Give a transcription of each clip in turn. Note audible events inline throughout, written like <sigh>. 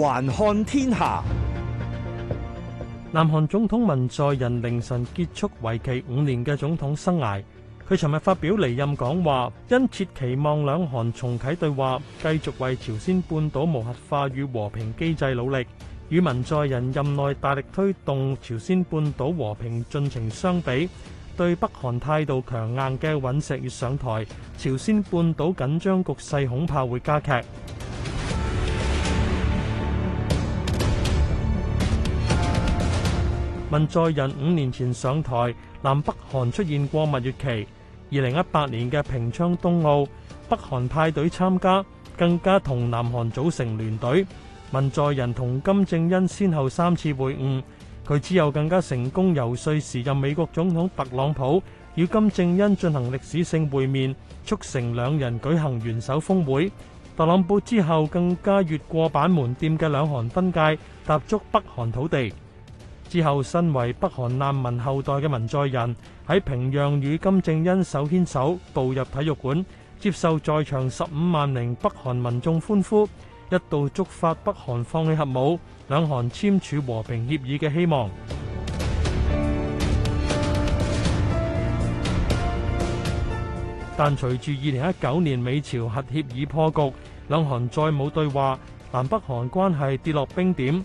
環看天下，南韓總統文在寅凌晨結束為期五年嘅總統生涯，佢尋日發表離任講話，殷切期望兩韓重啟對話，繼續為朝鮮半島無核化與和平機制努力。與文在寅任內大力推動朝鮮半島和平進程相比，對北韓態度強硬嘅尹錫悅上台，朝鮮半島緊張局勢恐怕會加劇。文在寅五年前上台，南北韓出現過蜜月期。二零一八年嘅平昌冬奧，北韓派隊參加，更加同南韓組成聯隊。文在寅同金正恩先後三次會晤，佢之後更加成功游說時任美國總統特朗普與金正恩進行歷史性會面，促成兩人舉行元首峰會。特朗普之後更加越過板門店嘅兩韓分界，踏足北韓土地。之後，身為北韓難民後代嘅文在寅喺平壤與金正恩手牽手步入體育館，接受在場十五萬名北韓民眾歡呼，一度觸發北韓放棄核武、兩韓簽署和平協議嘅希望。但隨住二零一九年美朝核協議破局，兩韓再冇對話，南北韓關係跌落冰點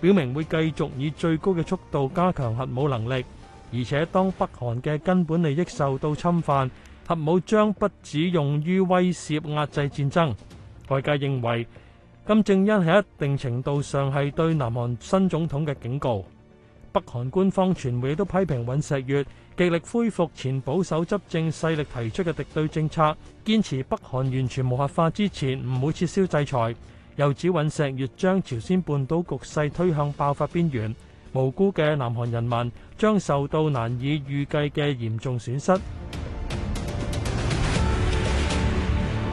表明會繼續以最高嘅速度加強核武能力，而且當北韓嘅根本利益受到侵犯，核武將不止用於威懾壓制戰爭。外界認為金正恩係一定程度上係對南韓新總統嘅警告。北韓官方傳媒亦都批評尹錫悅，極力恢復前保守執政勢力提出嘅敵對政策，堅持北韓完全無核化之前唔會撤銷制裁。又指尹錫悅將朝鮮半島局勢推向爆發邊緣，無辜嘅南韓人民將受到難以預計嘅嚴重損失。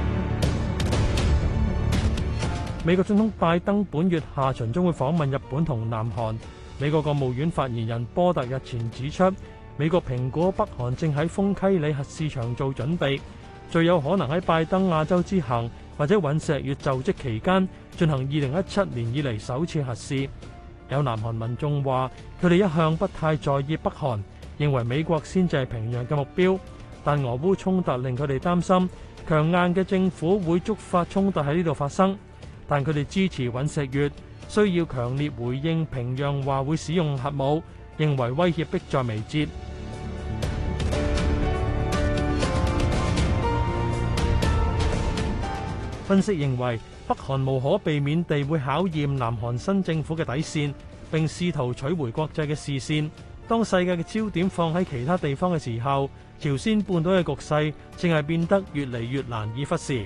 <noise> 美國總統拜登本月下旬將會訪問日本同南韓，美國國務院發言人波特日前指出，美國評估北韓正喺豐溪里核試場做準備，最有可能喺拜登亞洲之行或者尹錫悅就職期間進行二零一七年以嚟首次核試。有南韓民眾話：佢哋一向不太在意北韓，認為美國先至係平壤嘅目標。但俄烏衝突令佢哋擔心，強硬嘅政府會觸發衝突喺呢度發生。但佢哋支持尹錫悅，需要強烈回應平壤話會使用核武，認為威脅迫在眉睫。分析認為，北韓無可避免地會考驗南韓新政府嘅底線，並試圖取回國際嘅視線。當世界嘅焦點放喺其他地方嘅時候，朝鮮半島嘅局勢淨係變得越嚟越難以忽視。